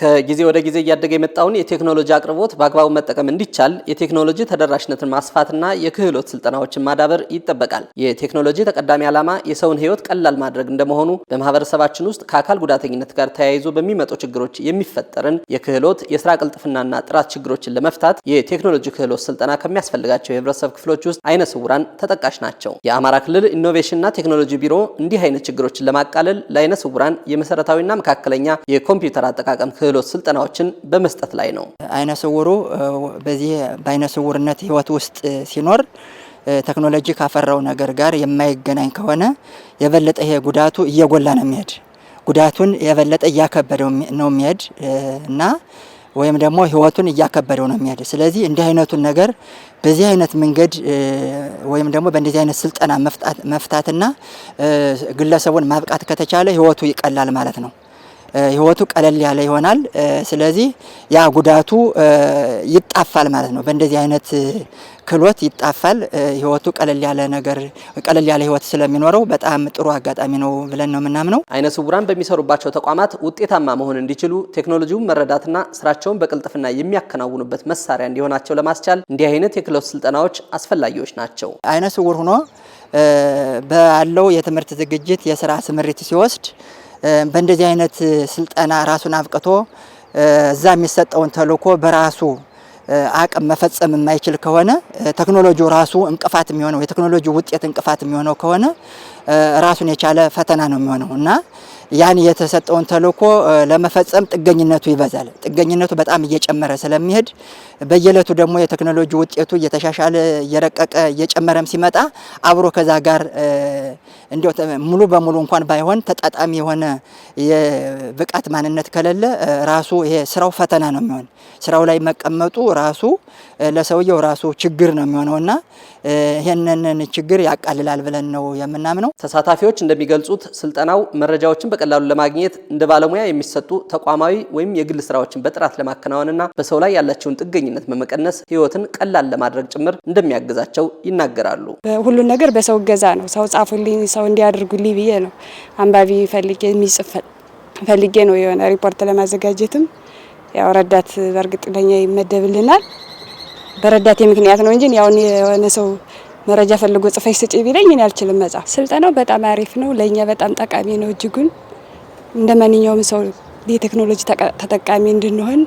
ከጊዜ ወደ ጊዜ እያደገ የመጣውን የቴክኖሎጂ አቅርቦት በአግባቡ መጠቀም እንዲቻል የቴክኖሎጂ ተደራሽነትን ማስፋትና የክህሎት ስልጠናዎችን ማዳበር ይጠበቃል። የቴክኖሎጂ ተቀዳሚ ዓላማ የሰውን ሕይወት ቀላል ማድረግ እንደመሆኑ በማህበረሰባችን ውስጥ ከአካል ጉዳተኝነት ጋር ተያይዞ በሚመጡ ችግሮች የሚፈጠርን የክህሎት የስራ ቅልጥፍናና ጥራት ችግሮችን ለመፍታት የቴክኖሎጂ ክህሎት ስልጠና ከሚያስፈልጋቸው የህብረተሰብ ክፍሎች ውስጥ አይነ ስውራን ተጠቃሽ ናቸው። የአማራ ክልል ኢኖቬሽንና ቴክኖሎጂ ቢሮ እንዲህ አይነት ችግሮችን ለማቃለል ለአይነ ስውራን የመሰረታዊና መካከለኛ የኮምፒውተር አጠቃቀም የክህሎት ስልጠናዎችን በመስጠት ላይ ነው። አይነ ስውሩ በዚህ በአይነ ስውርነት ህይወት ውስጥ ሲኖር ቴክኖሎጂ ካፈራው ነገር ጋር የማይገናኝ ከሆነ የበለጠ ይሄ ጉዳቱ እየጎላ ነው የሚሄድ ጉዳቱን የበለጠ እያከበደው ነው የሚሄድ እና ወይም ደግሞ ህይወቱን እያከበደው ነው የሚሄድ። ስለዚህ እንዲህ አይነቱን ነገር በዚህ አይነት መንገድ ወይም ደግሞ በእንደዚህ አይነት ስልጠና መፍታትና ግለሰቡን ማብቃት ከተቻለ ህይወቱ ይቀላል ማለት ነው። ህይወቱ ቀለል ያለ ይሆናል። ስለዚህ ያ ጉዳቱ ይጣፋል ማለት ነው። በእንደዚህ አይነት ክህሎት ይጣፋል። ህይወቱ ቀለል ያለ ነገር ቀለል ያለ ህይወት ስለሚኖረው በጣም ጥሩ አጋጣሚ ነው ብለን ነው የምናምነው። አይነ ስውራን በሚሰሩባቸው ተቋማት ውጤታማ መሆን እንዲችሉ ቴክኖሎጂውን መረዳትና ስራቸውን በቅልጥፍና የሚያከናውኑበት መሳሪያ እንዲሆናቸው ለማስቻል እንዲህ አይነት የክህሎት ስልጠናዎች አስፈላጊዎች ናቸው። አይነ ስውር ሆኖ ባለው የትምህርት ዝግጅት የስራ ስምሪት ሲወስድ በእንደዚህ አይነት ስልጠና ራሱን አብቅቶ እዛ የሚሰጠውን ተልኮ በራሱ አቅም መፈጸም የማይችል ከሆነ ቴክኖሎጂው ራሱ እንቅፋት የሚሆነው የቴክኖሎጂ ውጤት እንቅፋት የሚሆነው ከሆነ ራሱን የቻለ ፈተና ነው የሚሆነው እና ያን የተሰጠውን ተልእኮ ለመፈጸም ጥገኝነቱ ይበዛል። ጥገኝነቱ በጣም እየጨመረ ስለሚሄድ በየዕለቱ ደግሞ የቴክኖሎጂ ውጤቱ እየተሻሻለ እየረቀቀ እየጨመረም ሲመጣ አብሮ ከዛ ጋር እንዲያው ሙሉ በሙሉ እንኳን ባይሆን ተጣጣሚ የሆነ የብቃት ማንነት ከሌለ ራሱ ይሄ ስራው ፈተና ነው የሚሆን። ስራው ላይ መቀመጡ ራሱ ለሰውየው ራሱ ችግር ነው እና ይህንን ችግር ያቃልላል ብለን ነው የምናምነው። ተሳታፊዎች እንደሚገልጹት ስልጠናው መረጃዎችን በቀላሉ ለማግኘት እንደ ባለሙያ የሚሰጡ ተቋማዊ ወይም የግል ስራዎችን በጥራት ለማከናወንና በሰው ላይ ያላቸውን ጥገኝነት በመቀነስ ህይወትን ቀላል ለማድረግ ጭምር እንደሚያግዛቸው ይናገራሉ። ሁሉን ነገር በሰው እገዛ ነው። ሰው ጻፉልኝ፣ ሰው እንዲያደርጉልኝ ብዬ ነው አንባቢ ፈልጌ የሚጽፈል ፈልጌ ነው የሆነ ሪፖርት ለማዘጋጀትም ያው ረዳት በእርግጥ ለኛ ይመደብልናል። በረዳቴ ምክንያት ነው እንጂ ያው የሆነ ሰው መረጃ ፈልጎ ጽፈሽ ስጪ ቢለኝ እኔ አልችልም መጻፍ። ስልጠናው በጣም አሪፍ ነው፣ ለእኛ በጣም ጠቃሚ ነው። እጅጉን እንደ ማንኛውም ሰው የቴክኖሎጂ ተጠቃሚ እንድንሆን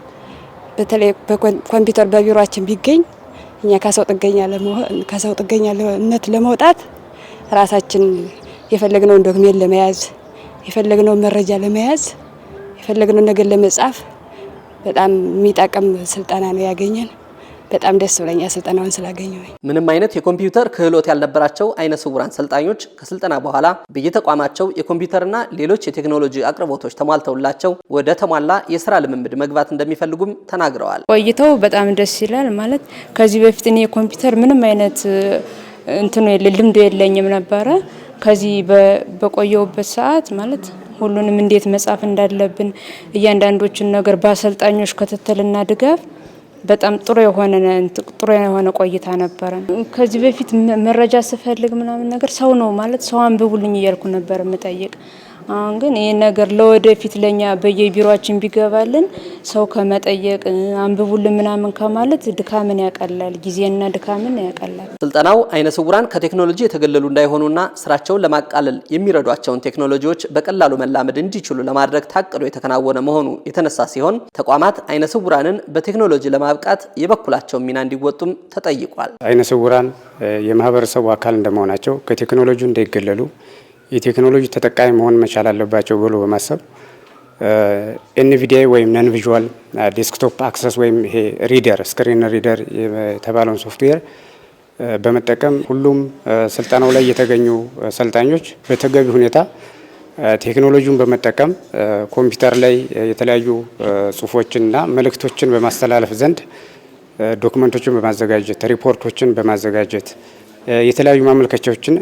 በተለይ በኮምፒውተር በቢሮችን ቢገኝ እኛ ከሰው ጥገኛ ከሰው ጥገኛነት ለመውጣት ራሳችን የፈለግነውን ዶክሜንት ለመያዝ የፈለግነውን መረጃ ለመያዝ የፈለግነውን ነገር ለመጻፍ በጣም የሚጠቅም ስልጠና ነው ያገኘን። በጣም ደስ ብለኛል ስልጠናውን ስላገኘሁ። ምንም አይነት የኮምፒውተር ክህሎት ያልነበራቸው አይነ ስውራን ሰልጣኞች ከስልጠና በኋላ በየተቋማቸው የኮምፒውተርና ሌሎች የቴክኖሎጂ አቅርቦቶች ተሟልተውላቸው ወደ ተሟላ የስራ ልምምድ መግባት እንደሚፈልጉም ተናግረዋል። ቆይተው በጣም ደስ ይላል። ማለት ከዚህ በፊት እኔ የኮምፒውተር ምንም አይነት እንትኑ ልምዶ የለኝም ነበረ። ከዚህ በቆየውበት ሰዓት ማለት ሁሉንም እንዴት መጻፍ እንዳለብን እያንዳንዶችን ነገር በአሰልጣኞች ክትትልና ድጋፍ በጣም ጥሩ የሆነ ጥሩ የሆነ ቆይታ ነበረ። ከዚህ በፊት መረጃ ስፈልግ ምናምን ነገር ሰው ነው ማለት ሰው አንብቡልኝ እያልኩ ነበር የምጠይቅ አሁን ግን ይሄን ነገር ለወደፊት ለኛ በየቢሮአችን ቢገባልን ሰው ከመጠየቅ አንብቡልን ምናምን ከማለት ድካምን ያቀላል፣ ጊዜና ድካምን ያቀላል። ስልጠናው አይነ ስውራን ከቴክኖሎጂ የተገለሉ እንዳይሆኑና ስራቸውን ለማቃለል የሚረዷቸውን ቴክኖሎጂዎች በቀላሉ መላመድ እንዲችሉ ለማድረግ ታቅዶ የተከናወነ መሆኑ የተነሳ ሲሆን ተቋማት አይነ ስውራንን በቴክኖሎጂ ለማብቃት የበኩላቸውን ሚና እንዲወጡም ተጠይቋል። አይነ ስውራን የማህበረሰቡ አካል እንደመሆናቸው ከቴክኖሎጂ እንዳይገለሉ የቴክኖሎጂ ተጠቃሚ መሆን መቻል አለባቸው ብሎ በማሰብ ኤንቪዲአይ ወይም ነን ቪዥዋል ዴስክቶፕ አክሰስ ወይም ይሄ ሪደር ስክሪን ሪደር የተባለውን ሶፍትዌር በመጠቀም ሁሉም ስልጠናው ላይ የተገኙ ሰልጣኞች በተገቢ ሁኔታ ቴክኖሎጂውን በመጠቀም ኮምፒውተር ላይ የተለያዩ ጽሁፎችንና መልእክቶችን በማስተላለፍ ዘንድ ዶክመንቶችን በማዘጋጀት ሪፖርቶችን በማዘጋጀት የተለያዩ ማመልከቻዎችን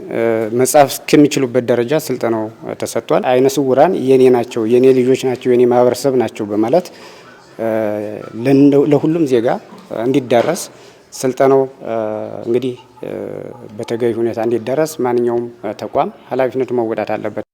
መጻፍ እስከሚችሉበት ደረጃ ስልጠናው ተሰጥቷል። አይነ ስውራን የኔ ናቸው፣ የኔ ልጆች ናቸው፣ የኔ ማህበረሰብ ናቸው በማለት ለሁሉም ዜጋ እንዲዳረስ ስልጠናው እንግዲህ በተገቢ ሁኔታ እንዲዳረስ ማንኛውም ተቋም ኃላፊነቱ መወጣት አለበት።